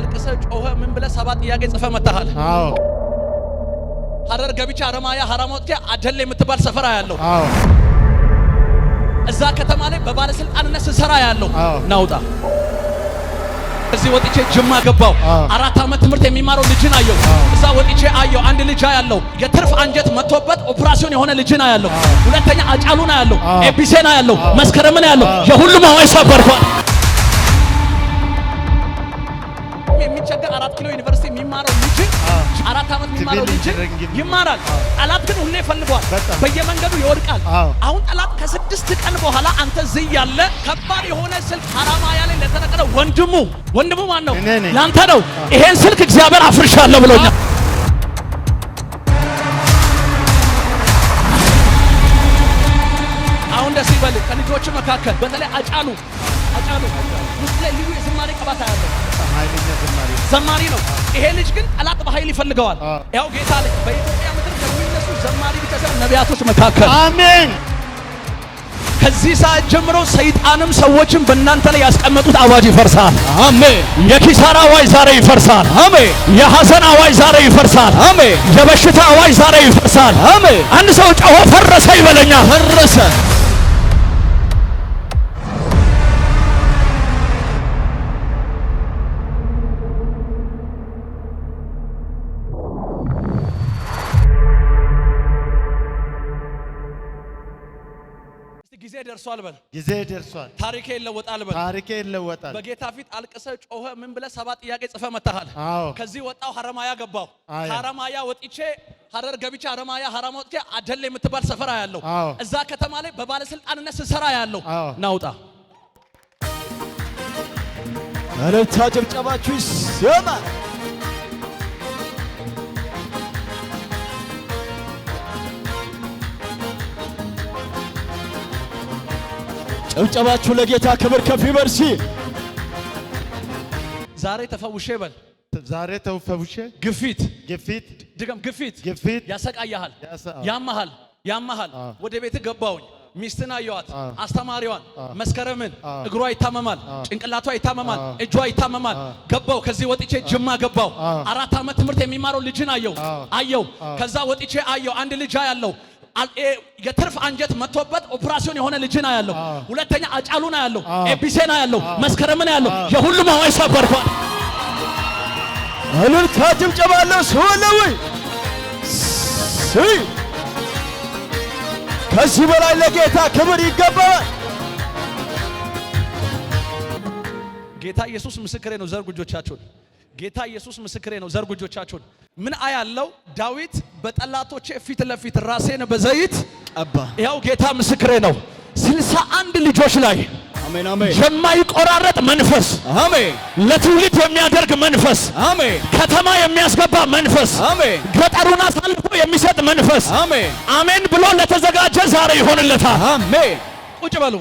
አልቅሰ ጮኸ ምን ብለ ሰባት ጥያቄ ጽፈ መታሃል። አዎ ሀረር ገቢቻ አረማያ ሀራሞት አደል የምትባል ሰፈራ ያለው አዎ እዛ ከተማ ላይ በባለስልጣንነት ስሰራ ያለው ናውጣ እዚህ ወጥቼ ጅማ ገባው። አራት ዓመት ትምህርት የሚማረው ልጅን አየው። እዛ ወጥቼ አየው አንድ ልጅ ያለው የትርፍ አንጀት መጥቶበት ኦፕራሲዮን የሆነ ልጅን አያለው። ሁለተኛ አጫሉን አያለው፣ ኤቢሴን አያለው፣ መስከረምን አያለው። የሁሉም አዋጅ ሰበርኳል። አራት ኪሎ ዩኒቨርሲቲ የሚማረው ልጅ አራት ዓመት የሚማረው ልጅ ይማራል። ጠላት ግን ሁሌ ፈልጓል፣ በየመንገዱ ይወድቃል። አሁን ጠላት ከስድስት ቀን በኋላ አንተ ዝይ ያለ ከባድ የሆነ ስልክ ሐራማያ ላይ ለተነቀለ ወንድሙ ወንድሙ ማን ነው? ለአንተ ነው። ይሄን ስልክ እግዚአብሔር አፍርሻለሁ ብሎኛል። አሁን ደስ ይበል። ከልጆች መካከል በተለይ አጫሉ አጫሉ ውስጥ ላይ ልዩ የዝማሬ ቀባት አያለሁ ዘማሪ ነው። ይሄ ልጅ ግን ጠላት በኃይል ይፈልገዋል። ያው ጌታ ላይ በኢትዮጵያ ምድር ለሚነሱ ዘማሪ ብቻ ሳይሆን ነቢያቶች መካከል አሜን። ከዚህ ሰዓት ጀምሮ ሰይጣንም ሰዎችም በእናንተ ላይ ያስቀመጡት አዋጅ ይፈርሳል። አሜን። የኪሳራ አዋጅ ዛሬ ይፈርሳል። አሜን። የሐዘን አዋጅ ዛሬ ይፈርሳል። አሜን። የበሽታ አዋጅ ዛሬ ይፈርሳል። አሜን። አንድ ሰው ጮሆ ፈረሰ ይበለኛ። ፈረሰ ደርሷል በል፣ ጊዜ ደርሷል። ታሪኬ ይለወጣል በል፣ ታሪኬ ይለወጣል። በጌታ ፊት አልቅሰ ጮኸ ምን ብለ ሰባ ጥያቄ ጽፈ መታሃል። ከዚህ ወጣው ሀረማያ ገባው። ሀረማያ ወጥቼ ሀረር ገቢቼ ሀረማያ ሀረማ ወጥቼ አደል የምትባል ሰፈራ ያለው እዛ ከተማ ላይ በባለስልጣንነት ስሰራ ያለው ናውጣ አለታ ጭብጨባችሁ ይሰማል። ጨብጨባችሁ ለጌታ ክብር ከፍ ይበል። ሲ ዛሬ ተፈውሼ በል። ዛሬ ተፈውሼ። ግፊት ግፊት ድገም። ግፊት ግፊት ያሰቃያሃል፣ ያማሃል፣ ያማሃል። ወደ ቤት ገባውኝ ሚስትን አየዋት፣ አስተማሪዋን መስከረምን። እግሯ ይታመማል፣ ጭንቅላቷ ይታመማል፣ እጇ ይታመማል። ገባው ከዚህ ወጥቼ ጅማ ገባው። አራት ዓመት ትምህርት የሚማረው ልጅን አየው አየው። ከዛ ወጥቼ አየው አንድ ልጅ ያለው የትርፍ አንጀት መጥቶበት ኦፕራሲዮን የሆነ ልጅና ያለው ሁለተኛ አጫሉና ያለው ኤቢሴና ያለው መስከረምና ያለው የሁሉም አዋጅ ሰበርኳል። እልልታ ጭብጨባለሁ። ስወለወይ ከዚህ በላይ ለጌታ ክብር ይገባል። ጌታ ኢየሱስ ምስክሬ ነው። ዘርጉ ጌታ ኢየሱስ ምስክሬ ነው። ዘርጉ ምን አያለው ዳዊት በጠላቶቼ ፊት ለፊት ራሴን በዘይት ቀባ። ያው ጌታ ምስክሬ ነው። ስልሳ አንድ ልጆች ላይ የማይቆራረጥ መንፈስ፣ ለትውልድ የሚያደርግ መንፈስ፣ ከተማ የሚያስገባ መንፈስ፣ ገጠሩን አሳልፎ የሚሰጥ መንፈስ። አሜን ብሎ ለተዘጋጀ ዛሬ ይሆንለታል። ቁጭ በሉ።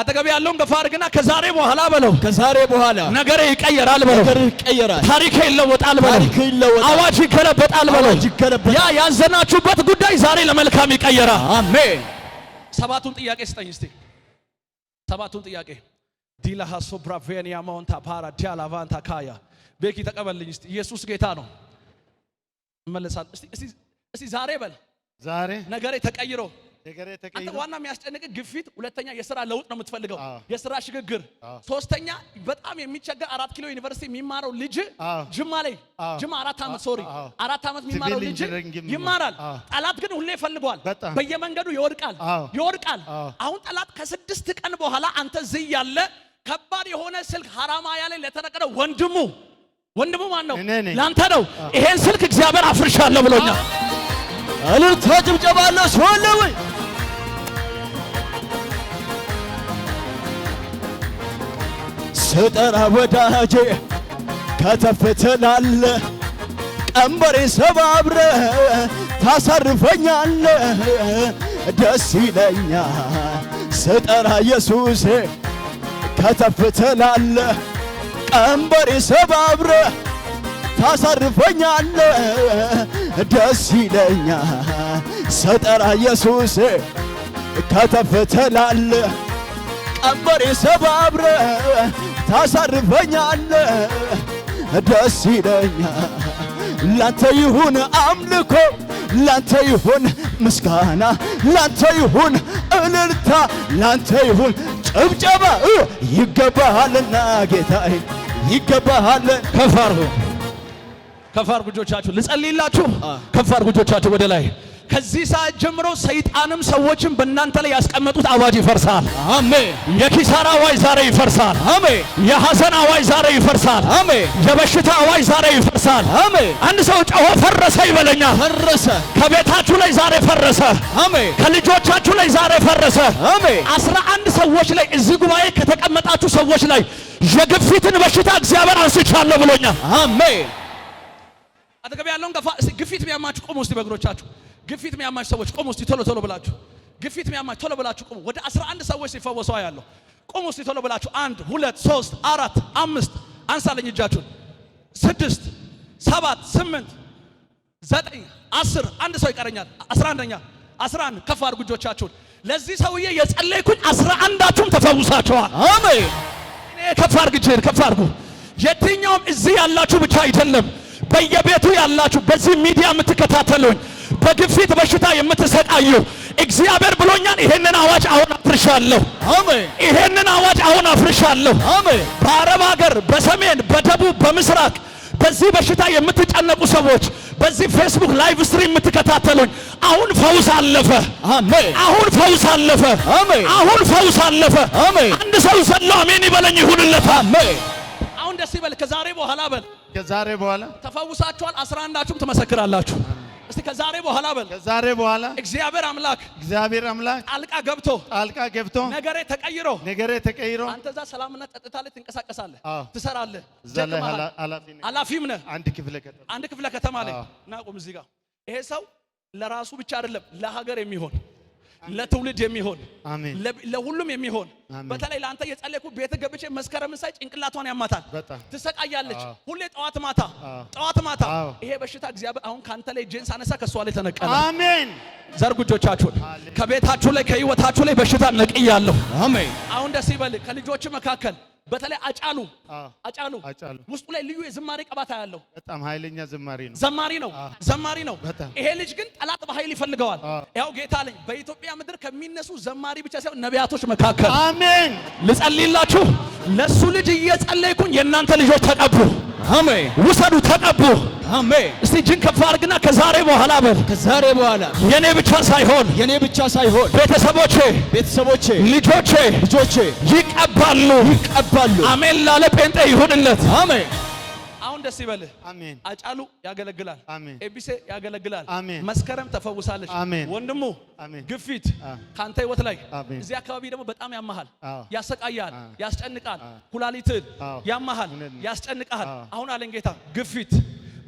አጠገብ ያለውን ገፋ አድርግና ከዛሬ በኋላ በለው፣ ከዛሬ በኋላ ነገር ይቀየራል በለው፣ ነገር ይቀየራል፣ ታሪክ ይለወጣል በለው፣ ታሪክ ይለወጣል። አዋጅ ይገለበጣል በለው። ያ ያዘናችሁበት ጉዳይ ዛሬ ለመልካም ይቀየራል። አሜን። ሰባቱን ጥያቄ ስጠኝ እስቲ፣ ሰባቱን ጥያቄ ዲላ ሃሶ ብራቬኒያ ማውንታ ፓራ ዲያላ ቫንታ ካያ ቤኪ ተቀበልኝ እስቲ። ኢየሱስ ጌታ ነው። እመለሳለሁ። እስቲ ዛሬ በል፣ ዛሬ ነገሬ ተቀይሮ አንተ ዋና የሚያስጨንቅ ግፊት፣ ሁለተኛ የስራ ለውጥ ነው የምትፈልገው፣ የስራ ሽግግር፣ ሶስተኛ በጣም የሚቸገር አራት ኪሎ ዩኒቨርሲቲ የሚማረው ልጅ ጅማ ላይ ጅማ አራት ዓመት ሶሪ አራት ዓመት የሚማረው ልጅ ይማራል። ጠላት ግን ሁሌ ይፈልገዋል፣ በየመንገዱ ይወድቃል ይወድቃል። አሁን ጠላት ከስድስት ቀን በኋላ አንተ እዚህ ያለ ከባድ የሆነ ስልክ ሀራማያ ላይ ለተነቀለ ወንድሙ ወንድሙ ማን ነው? ለአንተ ነው። ይሄን ስልክ እግዚአብሔር አፍርሻለሁ ብሎኛል። እልልታ ጭብጨባ አለ ሲሆን ስጠራ ወዳጄ ከተፍ ትላለ ቀንበሬ ሰባብረ ታሳርፈኛለ ደስ ይለኛ ስጠራ ኢየሱሴ ከተፍ ትላለ ቀንበሬ ሰባብረ ታሳርፈኛለ ደስ ይለኛ ስጠራ ኢየሱሴ ከተፍ ትላለ ቀንበሬ ሰባብረ ታሳርፈኛለ ደስ ይለኛ ላንተ ይሁን አምልኮ ላንተ ይሁን ምስጋና ላንተ ይሁን እልልታ ላንተ ይሁን ጭብጨባ ይገባሃልና ጌታዬ ይገባሃል። ከፋር ከፋር ከፍ ልጸልይላችሁ። ወደ ላይ ከዚህ ሰዓት ጀምሮ ሰይጣንም ሰዎችም በእናንተ ላይ ያስቀመጡት አዋጅ ይፈርሳል። አሜን። የኪሳራ አዋጅ ዛሬ ይፈርሳል። አሜን። የሐዘን አዋጅ ዛሬ ይፈርሳል። አሜን። የበሽታ አዋጅ ዛሬ ይፈርሳል። አሜን። አንድ ሰው ጮሆ ፈረሰ ይበለኛል። ፈረሰ። ከቤታችሁ ላይ ዛሬ ፈረሰ። አሜን። ከልጆቻችሁ ላይ ዛሬ ፈረሰ። አሜን። አስራ አንድ ሰዎች ላይ እዚህ ጉባኤ ከተቀመጣችሁ ሰዎች ላይ የግፊትን በሽታ እግዚአብሔር አንስቻለሁ ብሎኛል። አሜን። አጠገብ ያለውን ግፊት ቢያማችሁ ቁሙ እስቲ በእግሮቻችሁ ግፊት የሚያማች ሰዎች ቆሙ እስቲ ቶሎ ቶሎ ብላችሁ ግፊት የሚያማች ቶሎ ብላችሁ ቆሙ ወደ 11 ሰዎች ሲፈወሰው ያለው ቆሙ እስቲ ቶሎ ብላችሁ አንድ ሁለት ሶስት አራት አምስት አንሳለኝ እጃችሁን ስድስት ሰባት ስምንት ዘጠኝ አስር አንድ ሰው ይቀረኛል። አስራ አንደኛ አስራ አንድ ከፍ አድርጉ እጆቻችሁን። ለዚህ ሰውዬ የጸለይኩኝ አስራ አንዳችሁም ተፈውሳችኋል። አሜን። እኔ ከፍ አድርግ እጅህን ከፍ አድርጉ። የትኛውም እዚህ ያላችሁ ብቻ አይደለም፣ በየቤቱ ያላችሁ በዚህ ሚዲያ የምትከታተሉኝ በግፊት በሽታ የምትሰቃዩ እግዚአብሔር ብሎኛል። ይሄንን አዋጅ አሁን አፍርሻለሁ። አሜን። ይሄንን አዋጅ አሁን አፍርሻለሁ። አሜን። በአረብ ሀገር፣ በሰሜን፣ በደቡብ፣ በምስራቅ በዚህ በሽታ የምትጨነቁ ሰዎች በዚህ ፌስቡክ ላይቭ ስትሪም የምትከታተሉኝ አሁን ፈውስ አለፈ። አሜን። አሁን ፈውስ አለፈ። አሜን። አሁን ፈውስ አለፈ። አሜን። አንድ ሰው ዘሎ አሜን ይበለኝ ይሁንለት። አሜን። አሁን ደስ ይበል። ከዛሬ በኋላ በል ከዛሬ በኋላ ተፈውሳችኋል። አስራ አንዳችሁም ትመሰክራላችሁ። እስቲ ከዛሬ በኋላ በል ከዛሬ በኋላ እግዚአብሔር አምላክ እግዚአብሔር አምላክ ጣልቃ ገብቶ ጣልቃ ገብቶ ነገሬ ተቀይሮ ነገሬ ተቀይሮ አንተ እዛ ሰላምና ጸጥታ ላይ ትንቀሳቀሳለህ፣ ትሰራለህ። አላፊም ነህ። አንድ ክፍለ ከተማ አንድ ክፍለ ከተማ ላይ ናቁም እዚህ ጋር ይሄ ሰው ለራሱ ብቻ አይደለም ለሀገር የሚሆን ለትውልድ የሚሆን ለሁሉም የሚሆን በተለይ ለአንተ የጸለይኩ ቤት ገብቼ መስከረም ሳይ ጭንቅላቷን ያማታል፣ ትሰቃያለች። ሁሌ ጠዋት ማታ ጠዋት ማታ ይሄ በሽታ እግዚአብሔር አሁን ካንተ ላይ ጄንስ አነሳ፣ ከሷ ላይ ተነቀለ። አሜን። ዘርጉጆቻችሁን ከቤታችሁ ላይ ከህይወታችሁ ላይ በሽታ ነቅያለሁ። አሜን። አሁን ደስ ይበል ከልጆች መካከል በተለይ አጫሉ አጫሉ ውስጡ ላይ ልዩ የዝማሬ ቀባታ ያለው በጣም ኃይለኛ ዝማሬ ነው። ዘማሪ ነው፣ ዘማሪ ነው። ይሄ ልጅ ግን ጠላት በኃይል ይፈልገዋል። ያው ጌታ አለኝ በኢትዮጵያ ምድር ከሚነሱ ዘማሪ ብቻ ሳይሆን ነቢያቶች መካከል አሜን። ልጸልይላችሁ ለሱ ልጅ እየጸለይኩኝ የእናንተ ልጆች ተቀቡ፣ አሜን። ውሰዱ፣ ተቀቡ፣ አሜን። እስቲ እጅን ከፍ አድርግና ከዛሬ በኋላ በል ከዛሬ በኋላ የኔ ብቻ ሳይሆን የኔ ብቻ ሳይሆን ቤተሰቦቼ፣ ቤተሰቦቼ፣ ልጆቼ፣ ልጆቼ ይቀባሉ፣ ይቀባሉ ይገባሉ። አሜን ላለ ጴንጤ ይሁንለት። አሜን አሁን ደስ ይበልህ። አሜን አጫሉ ያገለግላል። አሜን ኤቢሴ ያገለግላል። አሜን መስከረም ተፈውሳለች። አሜን ወንድሙ ግፊት ካንተ ህይወት ላይ እዚህ አካባቢ ደግሞ በጣም ያማሃል፣ ያሰቃያል፣ ያስጨንቃል፣ ኩላሊትን ያማሃል፣ ያስጨንቃል። አሁን አለን ጌታ ግፊት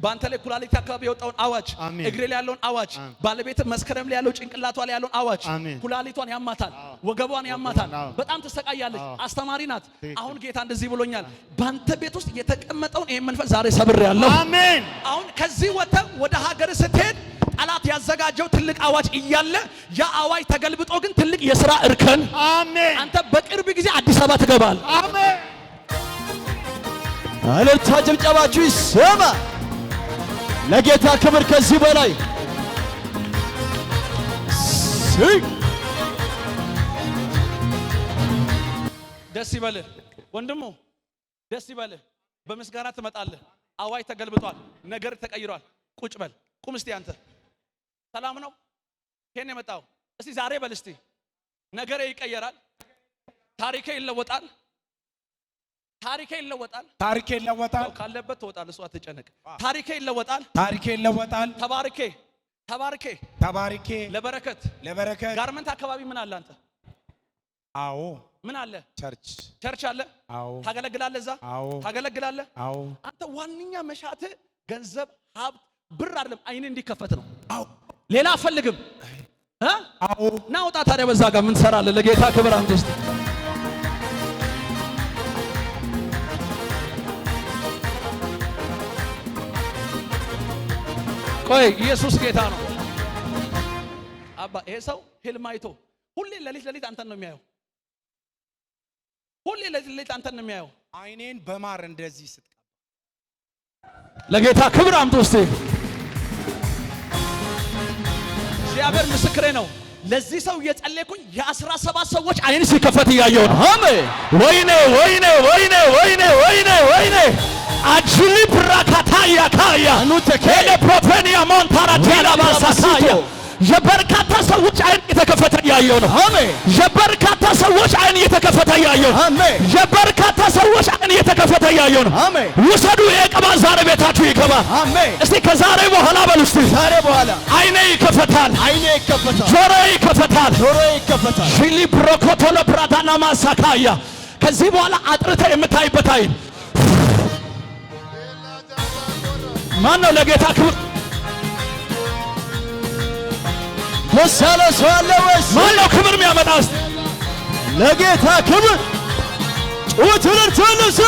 በአንተ ላይ ኩላሊት አካባቢ የወጣውን አዋጅ፣ እግሬ ላይ ያለውን አዋጅ፣ ባለቤት መስከረም ላይ ያለው ጭንቅላቷ ላይ ያለውን አዋጅ፣ ኩላሊቷን ያማታል፣ ወገቧን ያማታል። በጣም ትሰቃያለች። አስተማሪ ናት። አሁን ጌታ እንደዚህ ብሎኛል፣ በአንተ ቤት ውስጥ የተቀመጠውን ይህን መንፈስ ዛሬ ሰብር ያለው። አሜን። አሁን ከዚህ ወጥተህ ወደ ሀገር ስትሄድ ጠላት ያዘጋጀው ትልቅ አዋጅ እያለ ያ አዋጅ ተገልብጦ ግን ትልቅ የስራ እርከን። አሜን። አንተ በቅርብ ጊዜ አዲስ አበባ ትገባል። አሜን። አለታ ጭብጨባችሁ ይሰማ። ለጌታ ክብር ከዚህ በላይ ደስ ይበልህ ወንድሙ፣ ደስ ይበልህ። በምስጋና ትመጣለህ። አዋጅ ተገልብጧል። ነገር ተቀይሯል። ቁጭ በል ቁም። እስቲ አንተ ሰላም ነው ይሄን የመጣው እስቲ ዛሬ በል እስቲ ነገሬ ይቀየራል። ታሪኬ ይለወጣል። ታሪኬ ይለወጣል። ታሪኬ ይለወጣል። ካለበት ትወጣል። እሷ አትጨነቅ። ታሪኬ ይለወጣል። ታሪኬ ይለወጣል። ተባርኬ ተባርኬ ተባርኬ ለበረከት ለበረከት ጋርመንት አካባቢ ምን አለ አንተ? አዎ ምን አለ? ቸርች ቸርች አለ። አዎ ታገለግላለህ። እዛ አዎ ታገለግላለህ። አዎ አንተ ዋነኛ መሻት ገንዘብ፣ ሀብት፣ ብር አይደለም። አይኔ እንዲከፈት ነው። አዎ ሌላ አፈልግም። አዎ ናውጣ ታዲያ በዛ ጋር ምን ትሰራለህ? ለጌታ ክብር አንተስ ቆይ ኢየሱስ ጌታ ነው። አባ ይሄ ሰው ህልም አይቶ ሁሌ ለሊት ለሊት አንተን ነው የሚያየው። ሁሌ ሌሊት ሌሊት አንተን ነው የሚያየው። አይኔን በማር እንደዚህ ስትቀባ ለጌታ ክብር አምጡ እስቲ። እግዚአብሔር ምስክሬ ነው። ለዚህ ሰው እየጸለይኩኝ የአስራ ሰባት ሰዎች አይን ሲከፈት እያየሁ ነው። አሜ ወይኔ ወይኔ ወይኔ ወይኔ ወይኔ ወይኔ አጅሊ ብራክ ታያ ታያ ሄደ ፕሮፌኒያ ሞንታራቴላ ባሳሳያ የበርካታ ሰዎች አይን የተከፈተ ያየው ነው። የበርካታ ሰዎች አይን የተከፈተ ያየው ነው። የበርካታ ሰዎች አይን የተከፈተ ያየው ነው። ውሰዱ የቀባ ዛሬ ቤታችሁ ይገባ። እስቲ ከዛሬ በኋላ በሉ እስቲ ዛሬ በኋላ አይኔ ይከፈታል፣ አይኔ ይከፈታል፣ ጆሮ ይከፈታል፣ ጆሮ ይከፈታል። ሽሊ ብሮኮቶሎ ፕራታና ማሳካያ ከዚህ በኋላ አጥርተ የምታይበት አይን ማን ነው ለጌታ ክብር ለሳለ ሰው አለ ወይስ ማን ነው ክብር የሚያመጣ? እስቲ ለጌታ ክብር ጩት ልር ትልስ